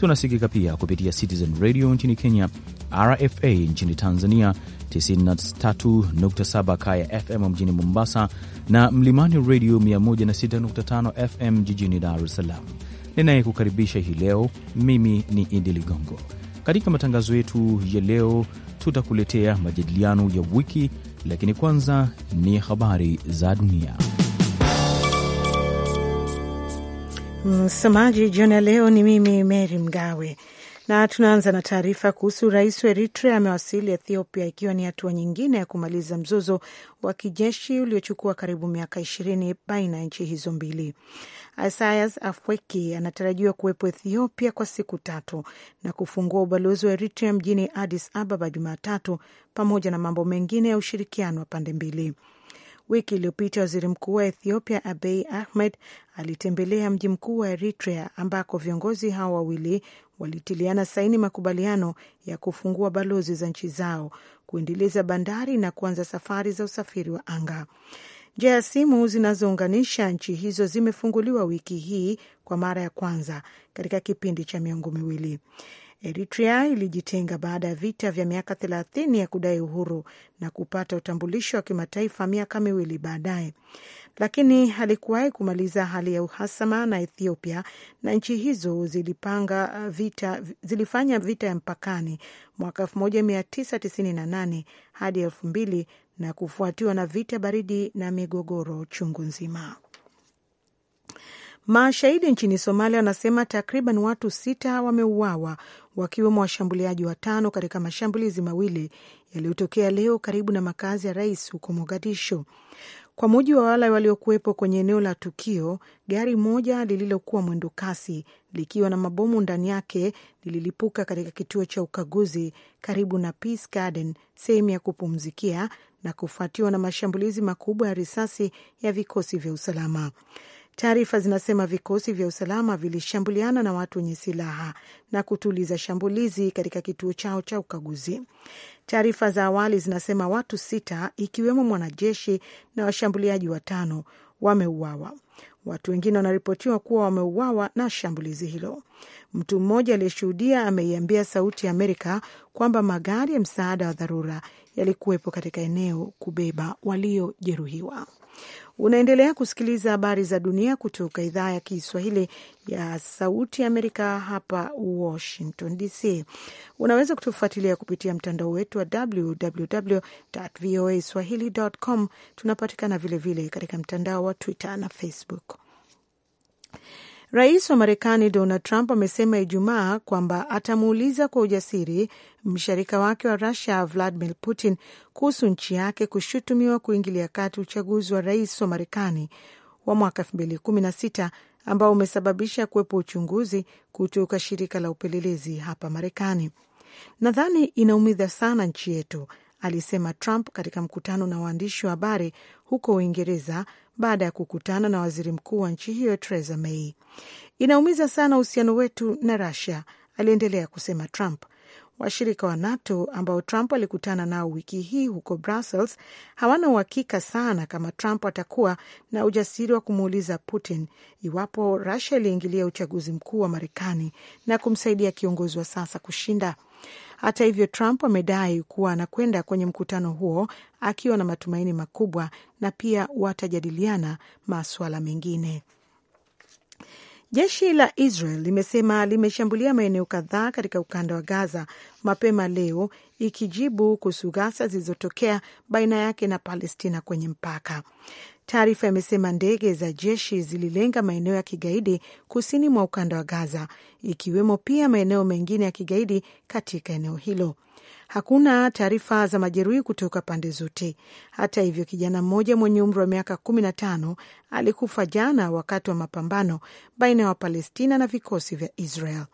Tunasikika pia kupitia Citizen Radio nchini Kenya, RFA nchini Tanzania, 93.7 Kaya FM mjini Mombasa na Mlimani Radio 106.5 FM jijini Dar es Salaam. Ninayekukaribisha hii leo mimi ni Idi Ligongo. Katika matangazo yetu ya leo tutakuletea majadiliano ya wiki, lakini kwanza ni habari za dunia. msomaji jioni ya leo ni mimi Mary Mgawe, na tunaanza na taarifa kuhusu rais wa Eritrea amewasili Ethiopia, ikiwa ni hatua nyingine ya kumaliza mzozo wa kijeshi uliochukua karibu miaka ishirini baina ya nchi hizo mbili. Isaias Afwerki anatarajiwa kuwepo Ethiopia kwa siku tatu na kufungua ubalozi wa Eritrea mjini Addis Ababa Jumatatu, pamoja na mambo mengine ya ushirikiano wa pande mbili. Wiki iliyopita waziri mkuu wa Ethiopia Abiy Ahmed alitembelea mji mkuu wa Eritrea ambako viongozi hao wawili walitiliana saini makubaliano ya kufungua balozi za nchi zao, kuendeleza bandari na kuanza safari za usafiri wa anga. Njia ya simu zinazounganisha nchi hizo zimefunguliwa wiki hii kwa mara ya kwanza katika kipindi cha miongo miwili. Eritrea ilijitenga baada ya vita vya miaka thelathini ya kudai uhuru na kupata utambulisho wa kimataifa miaka miwili baadaye, lakini halikuwahi kumaliza hali ya uhasama na Ethiopia, na nchi hizo zilipanga uh, vita, zilifanya vita ya mpakani mwaka 1998 hadi 2000 na kufuatiwa na vita baridi na migogoro chungu nzima. Mashahidi nchini Somalia wanasema takriban watu sita wameuawa wakiwemo washambuliaji watano katika mashambulizi mawili yaliyotokea leo karibu na makazi ya rais huko Mogadisho. Kwa mujibu wa wale waliokuwepo kwenye eneo la tukio, gari moja lililokuwa mwendo kasi likiwa na mabomu ndani yake lililipuka katika kituo cha ukaguzi karibu na Peace Garden, sehemu ya kupumzikia, na kufuatiwa na mashambulizi makubwa ya risasi ya vikosi vya usalama. Taarifa zinasema vikosi vya usalama vilishambuliana na watu wenye silaha na kutuliza shambulizi katika kituo chao cha ukaguzi. Taarifa za awali zinasema watu sita ikiwemo mwanajeshi na washambuliaji watano wameuawa. Watu wengine wanaripotiwa kuwa wameuawa na shambulizi hilo. Mtu mmoja aliyeshuhudia ameiambia Sauti ya Amerika kwamba magari ya msaada wa dharura yalikuwepo katika eneo kubeba waliojeruhiwa. Unaendelea kusikiliza habari za dunia kutoka idhaa ya Kiswahili ya Sauti Amerika hapa Washington DC. Unaweza kutufuatilia kupitia mtandao wetu wa www voa swahili com. Tunapatikana vilevile katika mtandao wa Twitter na Facebook. Rais wa Marekani Donald Trump amesema Ijumaa kwamba atamuuliza kwa ujasiri mshirika wake wa Rusia Vladimir Putin kuhusu nchi yake kushutumiwa kuingilia kati uchaguzi wa rais wa Marekani wa mwaka 2016 ambao umesababisha kuwepo uchunguzi kutoka shirika la upelelezi hapa Marekani. Nadhani inaumiza sana nchi yetu, alisema Trump katika mkutano na waandishi wa habari huko Uingereza baada ya kukutana na waziri mkuu wa nchi hiyo Theresa May. Inaumiza sana uhusiano wetu na Russia, aliendelea kusema Trump. Washirika wa NATO ambao Trump alikutana nao wiki hii huko Brussels hawana uhakika sana kama Trump atakuwa na ujasiri wa kumuuliza Putin iwapo Russia iliingilia uchaguzi mkuu wa Marekani na kumsaidia kiongozi wa sasa kushinda. Hata hivyo, Trump amedai kuwa anakwenda kwenye mkutano huo akiwa na matumaini makubwa na pia watajadiliana masuala mengine. Jeshi la Israel limesema limeshambulia maeneo kadhaa katika ukanda wa Gaza mapema leo, ikijibu kuhusu ghasia zilizotokea baina yake na Palestina kwenye mpaka. Taarifa imesema ndege za jeshi zililenga maeneo ya kigaidi kusini mwa ukanda wa Gaza, ikiwemo pia maeneo mengine ya kigaidi katika eneo hilo. Hakuna taarifa za majeruhi kutoka pande zote. Hata hivyo, kijana mmoja mwenye umri wa miaka kumi na tano alikufa jana wakati wa mapambano baina ya Wapalestina na vikosi vya Israel.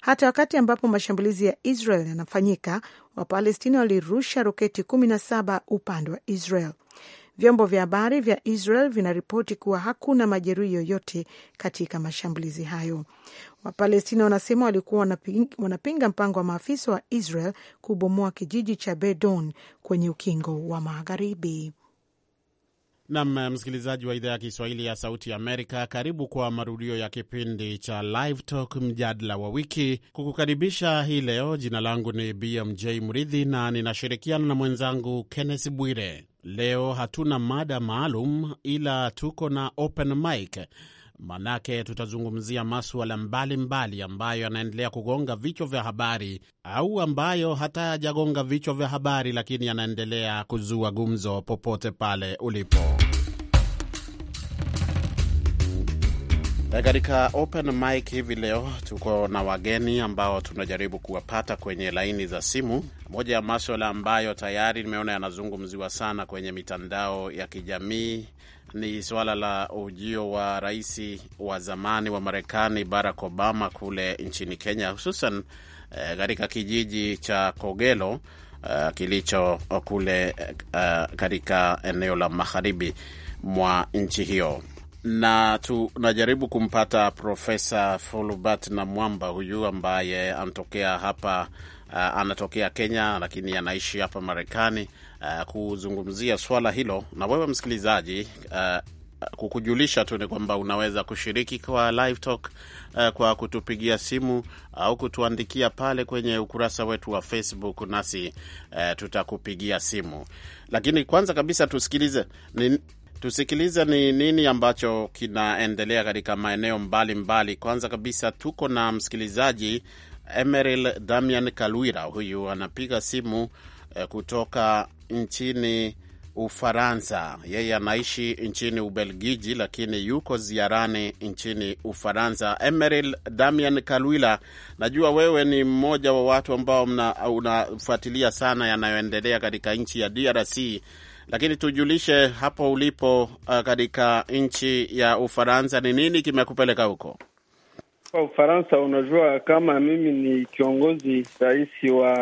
Hata wakati ambapo mashambulizi ya Israel yanafanyika, Wapalestina walirusha roketi kumi na saba upande wa Israel. Vyombo vya habari vya Israel vinaripoti kuwa hakuna majeruhi yoyote katika mashambulizi hayo. Wapalestina wanasema walikuwa wanapinga, wanapinga mpango wa maafisa wa Israel kubomoa kijiji cha Bedon kwenye ukingo wa Magharibi. Nam msikilizaji wa idhaa ya Kiswahili ya Sauti Amerika, karibu kwa marudio ya kipindi cha Live Talk, mjadala wa wiki. Kukukaribisha hii leo, jina langu ni BMJ Mridhi na ninashirikiana na mwenzangu Kenneth Bwire. Leo hatuna mada maalum, ila tuko na open mic, manake tutazungumzia masuala mbalimbali ambayo yanaendelea kugonga vichwa vya habari au ambayo hata yajagonga vichwa vya habari, lakini yanaendelea kuzua gumzo popote pale ulipo. Eh, katika open mic hivi leo tuko na wageni ambao tunajaribu kuwapata kwenye laini za simu. Moja ya maswala ambayo tayari nimeona yanazungumziwa sana kwenye mitandao ya kijamii ni suala la ujio wa rais wa zamani wa Marekani Barack Obama kule nchini Kenya, hususan eh, katika eh, kijiji cha Kogelo eh, kilicho kule uh, katika eneo la magharibi mwa nchi hiyo na tunajaribu kumpata Profesa Folubat na Mwamba huyu ambaye anatokea hapa uh, anatokea Kenya lakini anaishi hapa Marekani uh, kuzungumzia swala hilo. Na wewe msikilizaji, uh, kukujulisha tu ni kwamba unaweza kushiriki kwa live talk uh, kwa kutupigia simu au kutuandikia pale kwenye ukurasa wetu wa Facebook, nasi uh, tutakupigia simu. Lakini kwanza kabisa tusikilize ni, Tusikilize ni nini ambacho kinaendelea katika maeneo mbalimbali mbali. Kwanza kabisa tuko na msikilizaji Emeril Damian Kalwira, huyu anapiga simu eh, kutoka nchini Ufaransa. Yeye anaishi nchini Ubelgiji, lakini yuko ziarani nchini Ufaransa. Emeril Damian Kalwila, najua wewe ni mmoja wa watu ambao unafuatilia sana yanayoendelea katika nchi ya DRC. Lakini tujulishe hapo ulipo, uh, katika nchi ya Ufaransa, ni nini kimekupeleka huko? Kwa Ufaransa, unajua kama mimi ni kiongozi rais wa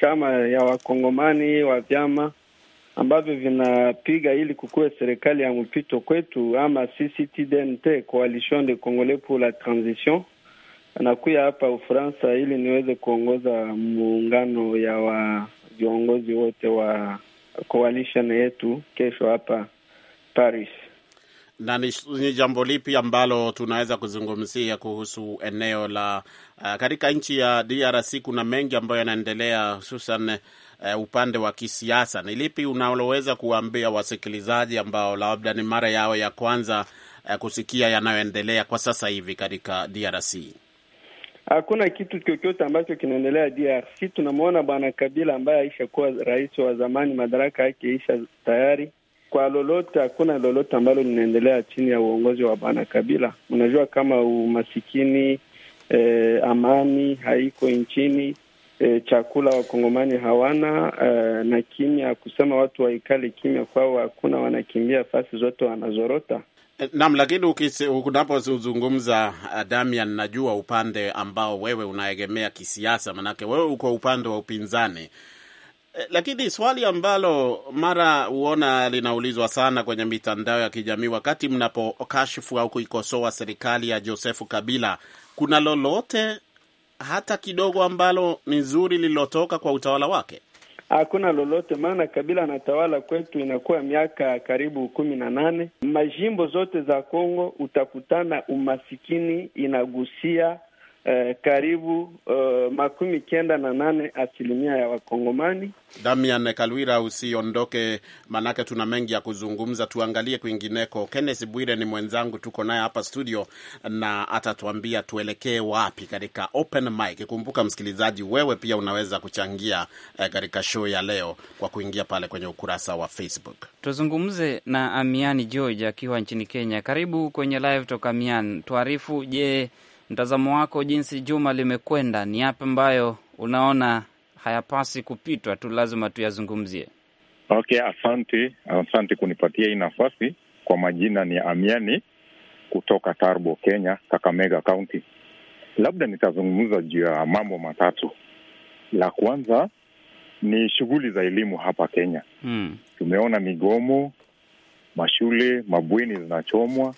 chama ya wakongomani wa vyama ambavyo vinapiga ili kukuwa serikali ya mpito kwetu, ama CCTDNT, Coalition de Congolais pour la Transition. Nakuya hapa Ufaransa ili niweze kuongoza muungano ya wa viongozi wote wa coalition yetu kesho hapa Paris. Na ni, ni jambo lipi ambalo tunaweza kuzungumzia kuhusu eneo la uh, katika nchi ya DRC? Kuna mengi ambayo yanaendelea hususan uh, upande wa kisiasa. Ni lipi unaloweza kuwaambia wasikilizaji ambao labda ni mara yao ya kwanza uh, kusikia yanayoendelea kwa sasa hivi katika DRC? Hakuna kitu chochote ambacho kinaendelea DRC. Tunamwona bwana Kabila ambaye aishakuwa rais wa zamani, madaraka yake isha tayari kwa lolote. Hakuna lolote ambalo linaendelea chini ya uongozi wa bwana Kabila. Unajua kama umasikini, eh, amani haiko nchini, eh, chakula wakongomani hawana, eh, na kimya kusema watu waikali kimya kwao, hakuna wanakimbia, fasi zote wanazorota. Naam, lakini unapozungumza uh, Damian, najua upande ambao wewe unaegemea kisiasa, manake wewe uko upande wa upinzani, eh, lakini swali ambalo mara huona linaulizwa sana kwenye mitandao ya kijamii wakati mnapokashifu au kuikosoa serikali ya Josefu Kabila, kuna lolote hata kidogo ambalo ni zuri lililotoka kwa utawala wake? Hakuna lolote, maana Kabila anatawala kwetu inakuwa miaka karibu kumi na nane. Majimbo zote za Kongo utakutana umasikini inagusia eh, karibu eh, makumi kenda na nane asilimia ya Wakongomani. Damian Kalwira, usiondoke, maanake tuna mengi ya kuzungumza. Tuangalie kwingineko. Kenneth Bwire ni mwenzangu, tuko naye hapa studio na atatuambia tuelekee wapi katika open mic. Kumbuka msikilizaji, wewe pia unaweza kuchangia eh, katika show ya leo kwa kuingia pale kwenye ukurasa wa Facebook. Tuzungumze na Amiani George akiwa nchini Kenya. Karibu kwenye live toka Amian, tuarifu je mtazamo wako jinsi juma limekwenda, ni yapi ambayo unaona hayapasi kupitwa tu, lazima tuyazungumzie? Okay, asante, asante kunipatia hii nafasi. Kwa majina ni Amiani kutoka Tarbo, Kenya, Kakamega kaunti Labda nitazungumza juu ya mambo matatu. La kwanza ni shughuli za elimu hapa Kenya. Hmm, tumeona migomo, mashule, mabweni zinachomwa,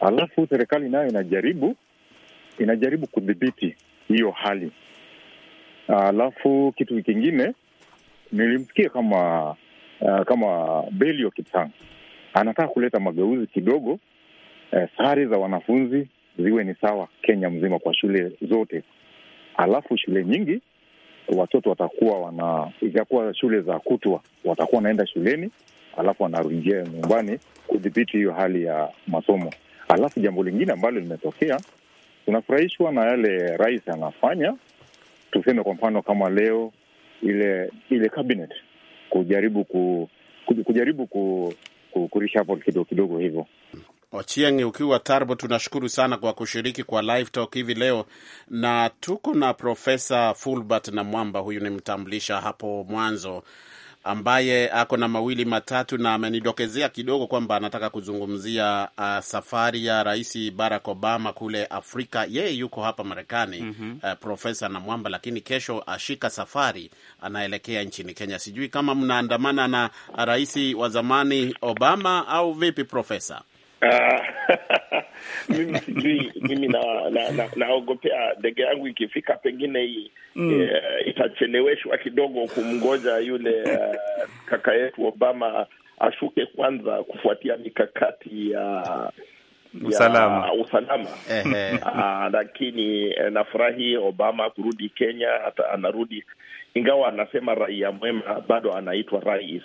alafu serikali nayo inajaribu inajaribu kudhibiti hiyo hali. Alafu kitu kingine nilimsikia kama uh, kama Belio Kitang anataka kuleta mageuzi kidogo, uh, sare za wanafunzi ziwe ni sawa Kenya mzima kwa shule zote, alafu shule nyingi watoto watakuwa wana itakuwa shule za kutwa, watakuwa wanaenda shuleni alafu wanarudia nyumbani kudhibiti hiyo hali ya masomo. Alafu jambo lingine ambalo limetokea tunafurahishwa na yale rais anafanya. Tuseme kwa mfano kama leo ile ile cabinet kujaribu ku, kujaribu ku, ku, kurishapo kidogo kidogo hivyo. Ochieng, ukiwa Tarbo, tunashukuru sana kwa kushiriki kwa live talk hivi leo, na tuko na Profesa Fulbert na Mwamba, huyu nimtambulisha hapo mwanzo ambaye ako na mawili matatu na amenidokezea kidogo kwamba anataka kuzungumzia uh, safari ya Rais Barack Obama kule Afrika. Yeye yuko hapa Marekani mm -hmm. uh, Profesa Namwamba, lakini kesho ashika safari, anaelekea nchini Kenya. Sijui kama mnaandamana na rais wa zamani Obama au vipi, Profesa? Ah. mimi sijui, mimi naogopea na, na, na ndege yangu ikifika pengine mm. uh, itacheleweshwa kidogo kumngoja yule uh, kaka yetu Obama ashuke kwanza, kufuatia mikakati ya uh, usalama, ya, usalama. uh, lakini eh, nafurahi Obama kurudi Kenya, hata anarudi ingawa anasema raia mwema, bado anaitwa rais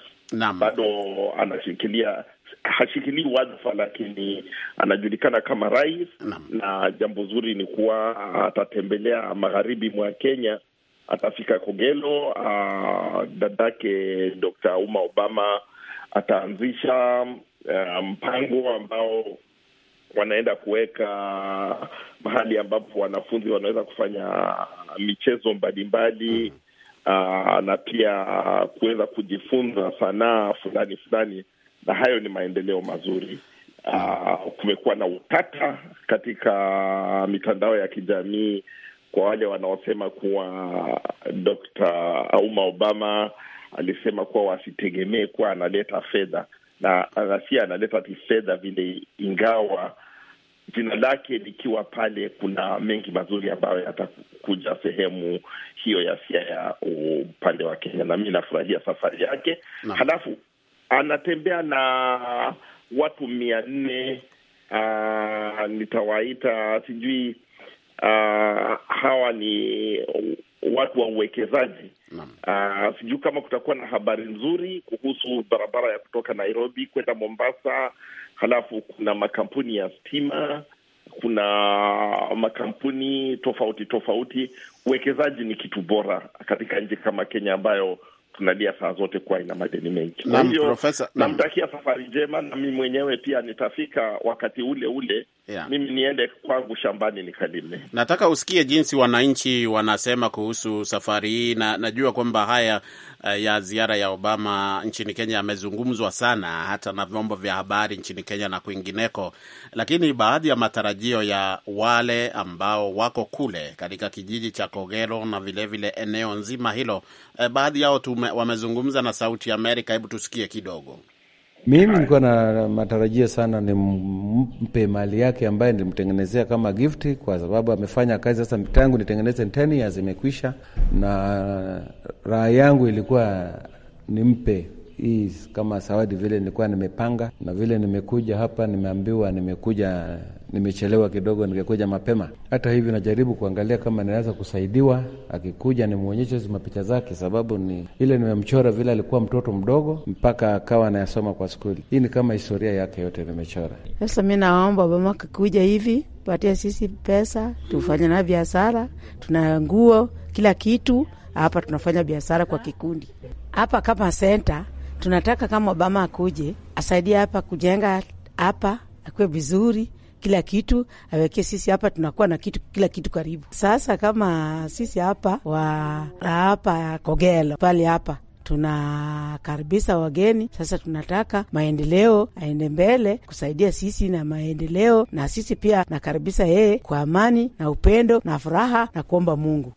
bado anashikilia hashikilii wadhifa lakini anajulikana kama rais na, na jambo zuri ni kuwa atatembelea magharibi mwa Kenya. Atafika Kogelo. Ah, dadake Dr. Uma Obama ataanzisha ah, mpango ambao wanaenda kuweka mahali ambapo wanafunzi wanaweza kufanya michezo mbalimbali uh, na pia kuweza kujifunza sanaa fulani fulani na hayo ni maendeleo mazuri. Uh, kumekuwa na utata katika mitandao ya kijamii kwa wale wanaosema kuwa Dr. Auma Obama alisema kuwa wasitegemee kuwa analeta fedha na anasi analeta tu fedha vile, ingawa jina lake likiwa pale, kuna mengi mazuri ambayo yatakuja sehemu hiyo ya sia ya upande wa Kenya, na mi nafurahia safari yake no. Halafu anatembea na watu mia nne uh, nitawaita sijui uh, hawa ni watu wa uwekezaji uh, sijui kama kutakuwa na habari nzuri kuhusu barabara ya kutoka Nairobi kwenda Mombasa. Halafu kuna makampuni ya stima, kuna makampuni tofauti tofauti. Uwekezaji ni kitu bora katika nchi kama Kenya ambayo tunalia saa zote kuwa ina madeni mengi. Kwa hivyo namtakia safari njema, nami mwenyewe pia nitafika wakati ule ule yeah. Mimi niende kwangu shambani nikalime. Nataka usikie jinsi wananchi wanasema kuhusu safari hii, na najua kwamba haya eh, ya ziara ya Obama nchini Kenya yamezungumzwa sana hata na vyombo vya habari nchini Kenya na kwingineko, lakini baadhi ya matarajio ya wale ambao wako kule katika kijiji cha Kogero na vilevile vile eneo nzima hilo, eh, baadhi yao tume, wamezungumza na Sauti ya Amerika. Hebu tusikie kidogo. Mimi nilikuwa na matarajio sana nimpe mali yake ambaye nilimtengenezea kama gifti, kwa sababu amefanya kazi sasa tangu nitengeneze 10 years imekwisha, na raha yangu ilikuwa nimpe hii kama zawadi vile nilikuwa nimepanga, na vile nimekuja hapa nimeambiwa nimekuja nimechelewa kidogo, ningekuja mapema. Hata hivyo, najaribu kuangalia kama ninaweza kusaidiwa. Akikuja nimwonyeshe mapicha zake, sababu ni ile nimemchora vile alikuwa mtoto mdogo mpaka akawa anayasoma kwa skuli. Hii ni kama historia yake yote nimechora. Sasa mi naomba mama akikuja hivi patia sisi pesa tufanye na biashara, tuna nguo kila kitu hapa, tunafanya biashara kwa kikundi hapa kama senta. Tunataka kama Obama akuje asaidie hapa kujenga hapa akuwe vizuri kila kitu, awekee sisi hapa, tunakuwa na kitu, kila kitu karibu. Sasa kama sisi hapa wa hapa Kogelo pale hapa tunakaribisha wageni sasa. Tunataka maendeleo aende mbele kusaidia sisi na maendeleo, na sisi pia nakaribisha yeye kwa amani na upendo na furaha na kuomba Mungu.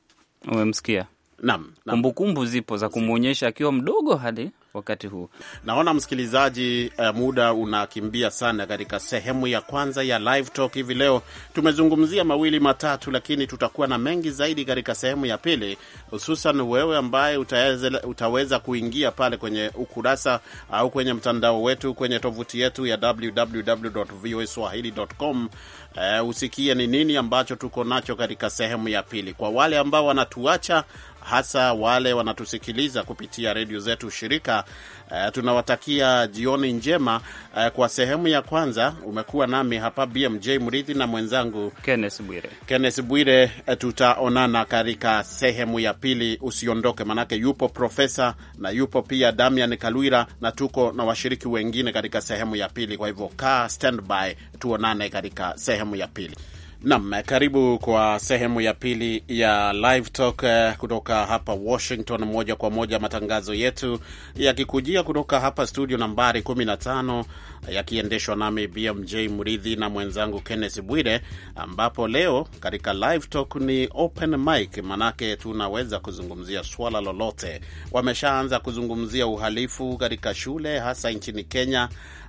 Umemsikia? Naam, kumbukumbu zipo za kumwonyesha akiwa mdogo hadi wakati huu. Naona msikilizaji, uh, muda unakimbia sana. Katika sehemu ya kwanza ya live talk hivi leo tumezungumzia mawili matatu, lakini tutakuwa na mengi zaidi katika sehemu ya pili, hususan wewe ambaye utaweza, utaweza kuingia pale kwenye ukurasa au kwenye mtandao wetu kwenye tovuti yetu ya www.voaswahili.com. Uh, usikie ni nini ambacho tuko nacho katika sehemu ya pili. Kwa wale ambao wanatuacha hasa wale wanatusikiliza kupitia redio zetu shirika. Uh, tunawatakia jioni njema. Uh, kwa sehemu ya kwanza umekuwa nami hapa BMJ mridhi na mwenzangu Kenneth Bwire. Kenneth Bwire, uh, tutaonana katika sehemu ya pili. Usiondoke, manake yupo profesa na yupo pia Damian Kalwira na tuko na washiriki wengine katika sehemu ya pili. Kwa hivyo kaa standby, tuonane katika sehemu ya pili nam karibu kwa sehemu ya pili ya Live Talk eh, kutoka hapa Washington, moja kwa moja, matangazo yetu yakikujia kutoka hapa studio nambari 15 yakiendeshwa nami BMJ Mridhi na mwenzangu Kenneth Bwire, ambapo leo katika Live Talk ni open mic, manake tunaweza kuzungumzia swala lolote. Wameshaanza kuzungumzia uhalifu katika shule hasa nchini Kenya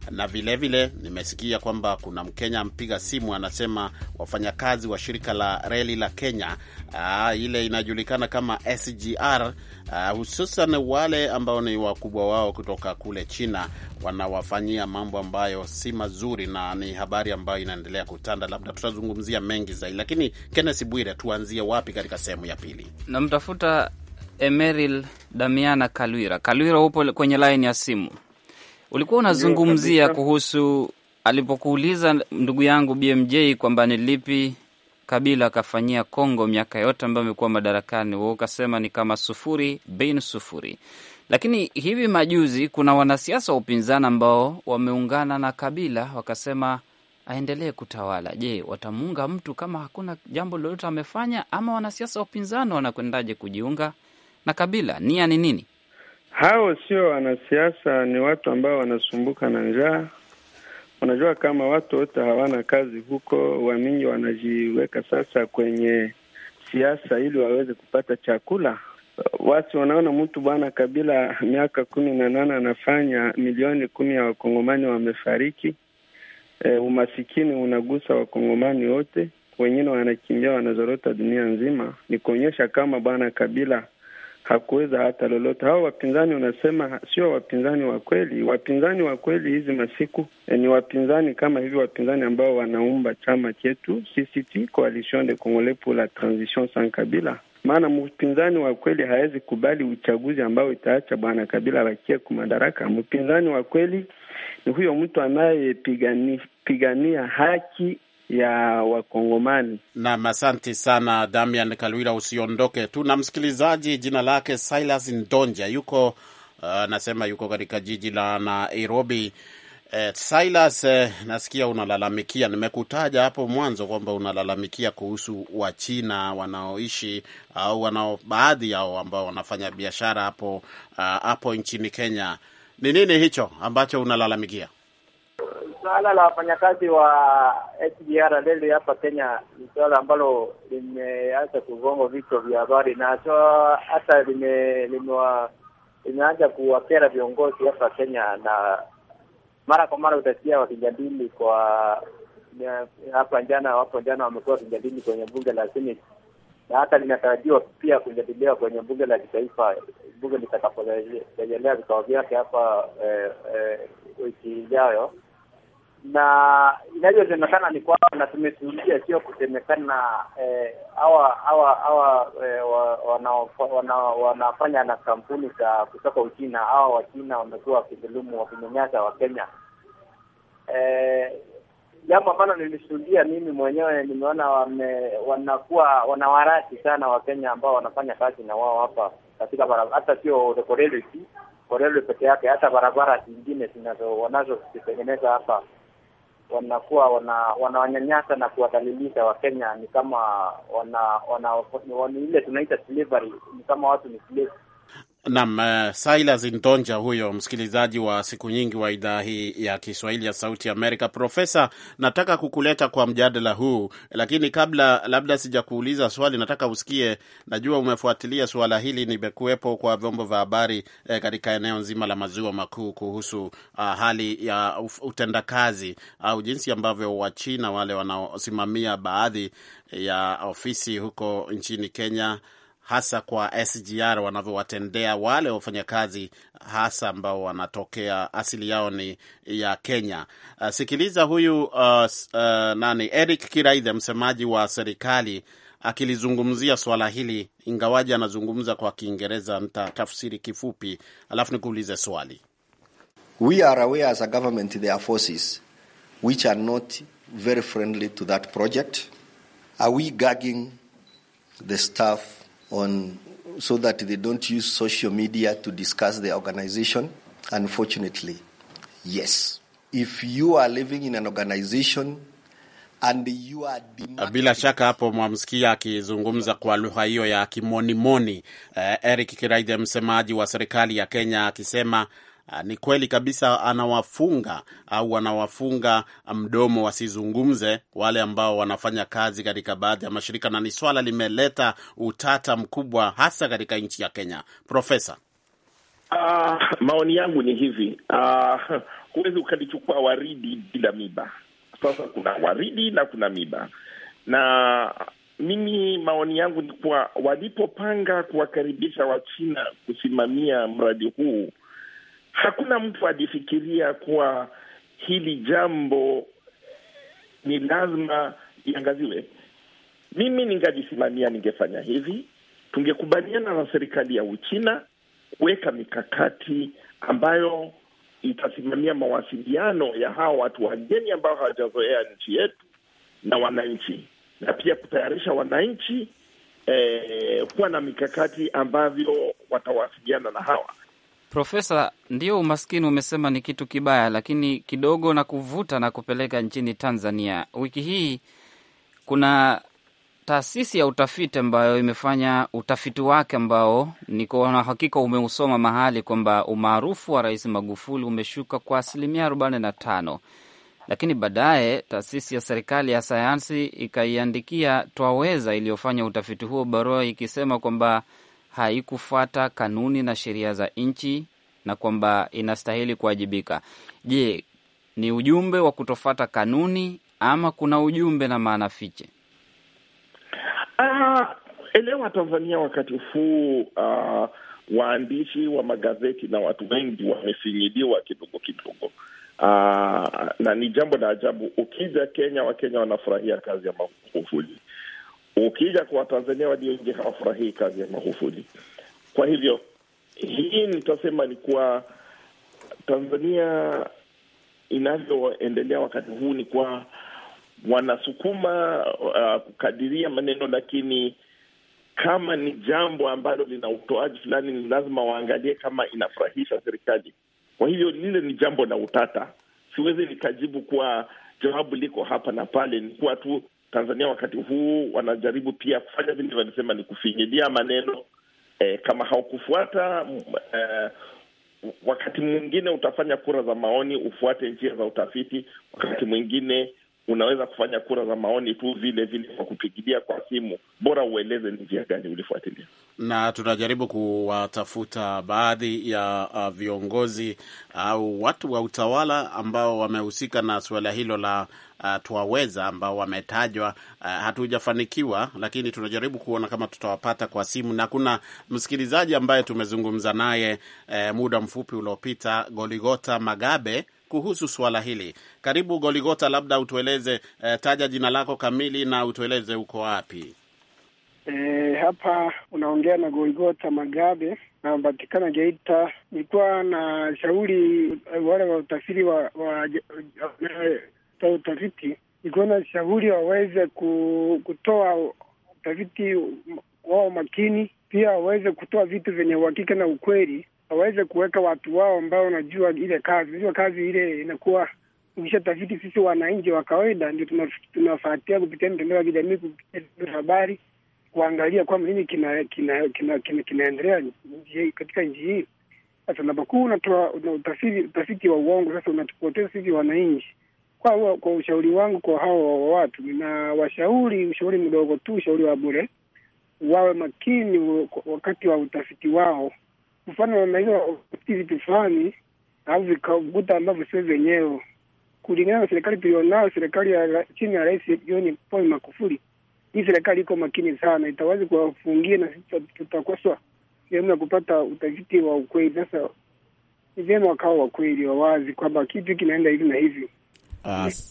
na vilevile vile, nimesikia kwamba kuna Mkenya mpiga simu anasema wafanyakazi wa shirika la reli la Kenya aa, ah, ile inajulikana kama SGR ah, hususan wale ambao ni wakubwa wao kutoka kule China wanawafanyia mambo ambayo si mazuri, na ni habari ambayo inaendelea kutanda. Labda tutazungumzia mengi zaidi, lakini Kenneth Bwire, tuanzie wapi katika sehemu ya pili? Namtafuta Emeril Damiana Kalwira. Kalwira, upo kwenye laini ya simu? Ulikuwa unazungumzia kuhusu alipokuuliza ndugu yangu BMJ kwamba ni lipi Kabila akafanyia Kongo miaka yote ambayo amekuwa madarakani, wewe ukasema ni kama sufuri bain sufuri. Lakini hivi majuzi kuna wanasiasa wa upinzani ambao wameungana na Kabila wakasema aendelee kutawala. Je, watamuunga mtu kama hakuna jambo lolote amefanya, ama wanasiasa wa upinzani wanakwendaje kujiunga na Kabila? Nia ni nini? Hao sio wanasiasa, ni watu ambao wanasumbuka na njaa. Unajua, kama watu wote hawana kazi huko, wamingi wanajiweka sasa kwenye siasa ili waweze kupata chakula. Watu wanaona mtu bwana Kabila miaka kumi na nane anafanya milioni kumi ya wakongomani wamefariki. E, umasikini unagusa wakongomani wote, wengine wanakimbia wanazorota dunia nzima. Ni kuonyesha kama bwana Kabila hakuweza hata lolote. Hao wapinzani unasema sio wapinzani wa kweli. Wapinzani wa kweli hizi masiku eh, ni wapinzani kama hivi, wapinzani ambao wanaumba chama chetu CCT, Coalition de Congolais pour la Transition sans Kabila. Maana mpinzani wa kweli hawezi kubali uchaguzi ambao itaacha bwana Kabila bakie ku madaraka. Mpinzani wa kweli ni huyo mtu anayepigania haki ya Wakongomani. Nam, asante sana Damian Kalwira, usiondoke. Tuna msikilizaji jina lake Silas Ndonja, yuko anasema eh, nasema yuko katika jiji la Nairobi. Eh, Silas, eh, nasikia unalalamikia, nimekutaja hapo mwanzo kwamba unalalamikia kuhusu Wachina wanaoishi au wanao baadhi yao ambao wanafanya biashara hapo uh, hapo nchini Kenya. Ni nini hicho ambacho unalalamikia? suala la wafanyakazi wa SGR reli hapa Kenya ni suala ambalo limeanza kugonga vichwa vya habari na hata lime, limeanza kuwakera viongozi hapa Kenya, na mara kwa mara utasikia wakijadili kwa hapa jana, wapo jana wamekuwa wakijadili kwenye bunge la Seneti na hata linatarajiwa pia kujadiliwa kwenye bunge la kitaifa, bunge litakaporejelea vikao vyake hapa eh, eh, wiki ijayo na inavyosemekana ni kwamba, na tumeshuhudia, sio kusemekana, eh, hawa hawa eh, wanafanya na kampuni za kutoka Uchina. Hawa Wachina wamekuwa wakidhulumu, wakinyanyasa kenya eh, jambo ambalo nilishuhudia mimi mwenyewe. Nimeona wanakuwa wanawarati sana Wakenya ambao wanafanya kazi na wao hapa katika barabara, hata sio korelo tu, korelo peke yake, hata barabara zingine wanazo zitengeneza hapa wanakuwa wana wanawanyanyasa na kuwadhalilisha Wakenya, ni kama wana, wana, wana, wana ile tunaita slavery, ni kama watu ni slaves. Nam uh, eh, Silas Ntonja, huyo msikilizaji wa siku nyingi wa idhaa hii ya Kiswahili ya Sauti Amerika. Profesa, nataka kukuleta kwa mjadala huu, lakini kabla labda sijakuuliza swali, nataka usikie, najua umefuatilia suala hili, nimekuwepo kwa vyombo vya habari eh, katika eneo nzima la maziwa makuu kuhusu uh, hali ya utendakazi au uh, jinsi ambavyo Wachina wale wanaosimamia baadhi ya ofisi huko nchini Kenya hasa kwa SGR wanavyowatendea wale wafanyakazi hasa ambao wanatokea asili yao ni ya Kenya. Uh, sikiliza huyu uh, uh, nani Eric Kiraithe, msemaji wa serikali akilizungumzia swala hili, ingawaji anazungumza kwa Kiingereza. ntatafsiri kifupi, alafu nikuulize swali. We are aware as a government there are forces which are not very friendly to that project. Are we gagging the staff on so that they don't use social media to discuss the organization? Unfortunately, yes. If you are living in an organization and you are bila shaka hapo mwamsikia akizungumza kwa lugha hiyo ya kimonimoni. Uh, eh, Eric Kiraithe msemaji wa serikali ya Kenya akisema Ah, ni kweli kabisa anawafunga au anawafunga ah, mdomo wasizungumze wale ambao wanafanya kazi katika baadhi ya mashirika, na ni swala limeleta utata mkubwa hasa katika nchi ya Kenya. Profesa, uh, maoni yangu ni hivi, huwezi uh, ukalichukua waridi bila miba. Sasa kuna waridi na kuna miba, na mimi maoni yangu ni kuwa walipopanga kuwakaribisha Wachina kusimamia mradi huu Hakuna mtu alifikiria kuwa hili jambo ni lazima iangaziwe. Mimi ningajisimamia, ningefanya hivi, tungekubaliana na serikali ya Uchina kuweka mikakati ambayo itasimamia mawasiliano ya hawa watu wageni ambao hawajazoea nchi yetu na wananchi, na pia kutayarisha wananchi eh, kuwa na mikakati ambavyo watawasiliana na hawa Profesa, ndio umaskini umesema ni kitu kibaya, lakini kidogo na kuvuta na kupeleka nchini Tanzania. Wiki hii kuna taasisi ya utafiti ambayo imefanya utafiti wake ambao niko na hakika umeusoma mahali kwamba umaarufu wa Rais Magufuli umeshuka kwa asilimia 45, lakini baadaye taasisi ya serikali ya sayansi ikaiandikia Twaweza iliyofanya utafiti huo barua ikisema kwamba haikufuata kanuni na sheria za nchi na kwamba inastahili kuwajibika. Je, ni ujumbe wa kutofuata kanuni ama kuna ujumbe na maana fiche? Uh, elewa Tanzania wakati huu uh, waandishi wa magazeti na watu wengi wamefinyiliwa kidogo kidogo. Uh, na ni jambo la ajabu. Ukija Kenya, Wakenya wanafurahia kazi ya Magufuli. Ukija kwa Watanzania walio nje hawafurahii kazi ya Magufuli. Kwa hivyo hii nitasema ni kuwa Tanzania inavyoendelea wakati huu ni kuwa wanasukuma uh, kukadiria maneno, lakini kama ni jambo ambalo lina utoaji fulani, ni lazima waangalie kama inafurahisha serikali. Kwa hivyo lile ni jambo la utata, siwezi nikajibu kuwa jawabu liko hapa na pale, ni kuwa tu Tanzania wakati huu wanajaribu pia kufanya vile walisema ni kufinyilia maneno e, kama haukufuata e, wakati mwingine utafanya kura za maoni, ufuate njia za utafiti, wakati mwingine unaweza kufanya kura za maoni tu vile vile kwa kupigilia kwa simu, bora ueleze ni njia gani ulifuatilia. Na tunajaribu kuwatafuta baadhi ya uh, viongozi au uh, watu wa utawala ambao wamehusika na suala hilo la uh, twaweza ambao wametajwa. Uh, hatujafanikiwa, lakini tunajaribu kuona kama tutawapata kwa simu, na kuna msikilizaji ambaye tumezungumza naye uh, muda mfupi uliopita, Goligota Magabe kuhusu suala hili. Karibu Goligota, labda utueleze eh, taja jina lako kamili na utueleze uko wapi. E, hapa unaongea na Goligota Magabe na napatikana Geita. Nilikuwa na shauri eh, wale wa utafiti wa eh, utafiti, nilikuwa na shauri waweze kutoa utafiti wao makini, pia waweze kutoa vitu vyenye uhakika na ukweli waweze kuweka watu wao ambao wanajua ile kazi. Hiyo kazi ile inakuwa ukisha tafiti, sisi wananchi wa kawaida ndio tunafuatia kupitia mitandao ya kijamii, kupitia habari, kuangalia kwamba nini kinaendelea kina, kina, kina, katika nchi hii. Sasa unapokuwa unatoa utafiti wa uongo, sasa unatupoteza sisi wananchi. Kwa, kwa ushauri wangu kwa hao wa watu, washauri ushauri mdogo tu, ushauri wa bure, wawe makini wakati wa utafiti wao mfano na kufikiri vitu fulani au vikaguta ambavyo sio vyenyewe. Kulingana na serikali tulionao serikali ya chini ya Rais John Paul Magufuli, hii serikali iko makini sana, itawazi kuwafungia na sisi tutakosa sehemu ya kupata utafiti wa ukweli. Sasa ni vyema wakawa wakweli, wawazi kwamba kitu kinaenda hivi na hivi.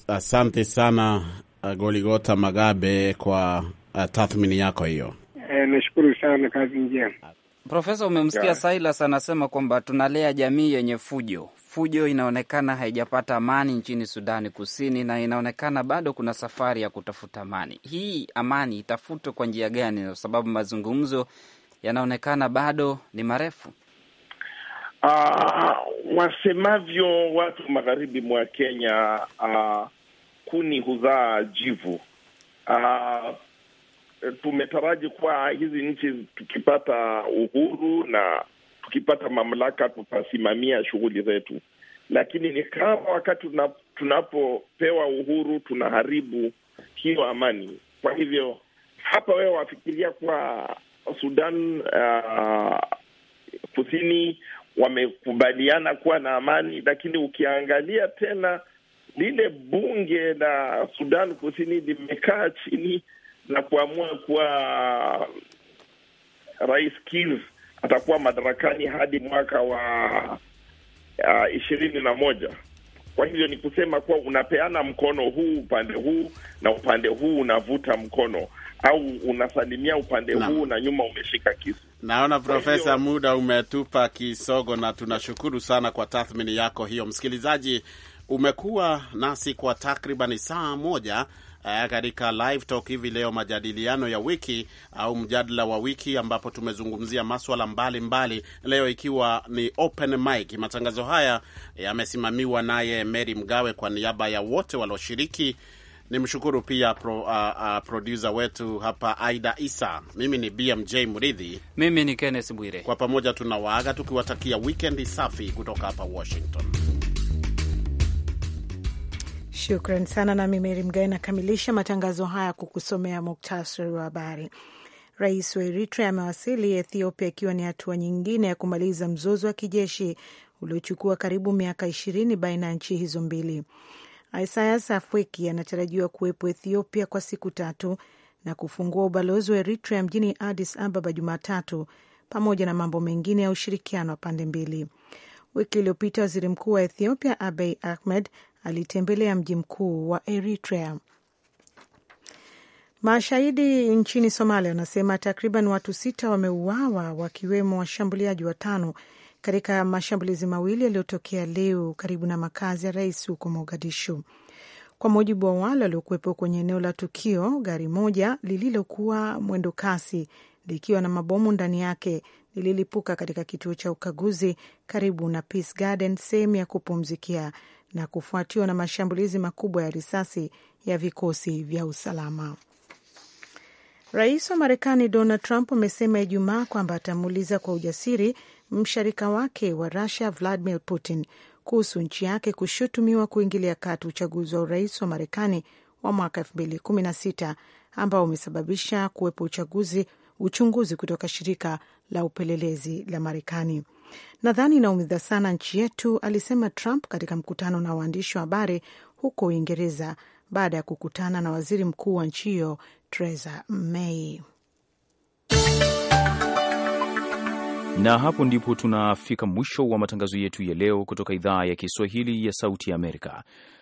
Asante sana uh, Goligota Magabe kwa uh, tathmini yako hiyo. E, nashukuru sana, kazi njema. Profesa, umemsikia yeah. Silas anasema kwamba tunalea jamii yenye fujo. Fujo inaonekana haijapata amani nchini Sudani Kusini, na inaonekana bado kuna safari ya kutafuta amani. Hii amani itafutwe kwa njia gani? Kwa sababu mazungumzo yanaonekana bado ni marefu. Uh, wasemavyo watu magharibi mwa Kenya, uh, kuni huzaa jivu. Uh, Eh, tumetaraji kuwa hizi nchi tukipata uhuru na tukipata mamlaka tutasimamia shughuli zetu, lakini ni kama wakati tunapopewa uhuru tunaharibu hiyo amani. Kwa hivyo hapa wewe wafikiria kuwa Sudan uh, Kusini wamekubaliana kuwa na amani, lakini ukiangalia tena lile bunge la Sudan Kusini limekaa chini na kuamua kuwa Rais Kiir atakuwa madarakani hadi mwaka wa uh, ishirini uh, na moja. Kwa hivyo ni kusema kuwa unapeana mkono huu upande huu na upande huu unavuta mkono au unasalimia upande na huu na nyuma umeshika kisu. Naona Profesa, muda umetupa kisogo, na tunashukuru sana kwa tathmini yako hiyo. Msikilizaji, umekuwa nasi kwa takriban saa moja uh, katika live talk hivi leo, majadiliano ya wiki au mjadala wa wiki, ambapo tumezungumzia maswala mbalimbali mbali, leo ikiwa ni open mic. Matangazo haya yamesimamiwa naye Mary Mgawe kwa niaba ya wote walioshiriki. Nimshukuru pia pro, uh, uh, produsa wetu hapa Aida Isa. Mimi ni BMJ Muridhi, mimi ni Kenneth Bwire. Kwa pamoja tunawaaga tukiwatakia wikendi safi kutoka hapa Washington. Shukran sana. Nami Meri Mgawe nakamilisha matangazo haya kukusomea muktasari wa habari. Rais wa Eritrea amewasili Ethiopia ikiwa ni hatua nyingine ya kumaliza mzozo wa kijeshi uliochukua karibu miaka ishirini baina ya nchi hizo mbili. Isaias Afwerki anatarajiwa kuwepo Ethiopia kwa siku tatu na kufungua ubalozi wa Eritrea mjini Addis Ababa Jumatatu, pamoja na mambo mengine ya ushirikiano wa pande mbili. Wiki iliyopita waziri mkuu wa Ethiopia Abiy Ahmed alitembelea mji mkuu wa Eritrea. Mashahidi nchini Somalia wanasema takriban watu sita wameuawa wakiwemo washambuliaji watano katika mashambulizi mawili yaliyotokea leo karibu na makazi ya rais huko Mogadishu. Kwa mujibu wa wale waliokuwepo kwenye eneo la tukio, gari moja lililokuwa mwendo kasi likiwa na mabomu ndani yake lililipuka katika kituo cha ukaguzi karibu na Peace Garden, sehemu ya kupumzikia, na kufuatiwa na mashambulizi makubwa ya risasi ya vikosi vya usalama. Rais wa Marekani Donald Trump amesema Ijumaa kwamba atamuuliza kwa ujasiri mshirika wake wa Rusia Vladimir Putin kuhusu nchi yake kushutumiwa kuingilia kati uchaguzi wa urais wa Marekani wa mwaka sita ambao umesababisha kuwepo uchaguzi uchunguzi kutoka shirika la upelelezi la Marekani. Nadhani inaumiza sana nchi yetu, alisema Trump katika mkutano na waandishi wa habari huko Uingereza baada ya kukutana na waziri mkuu wa nchi hiyo Theresa May. Na hapo ndipo tunafika mwisho wa matangazo yetu ya leo kutoka idhaa ya Kiswahili ya Sauti ya Amerika.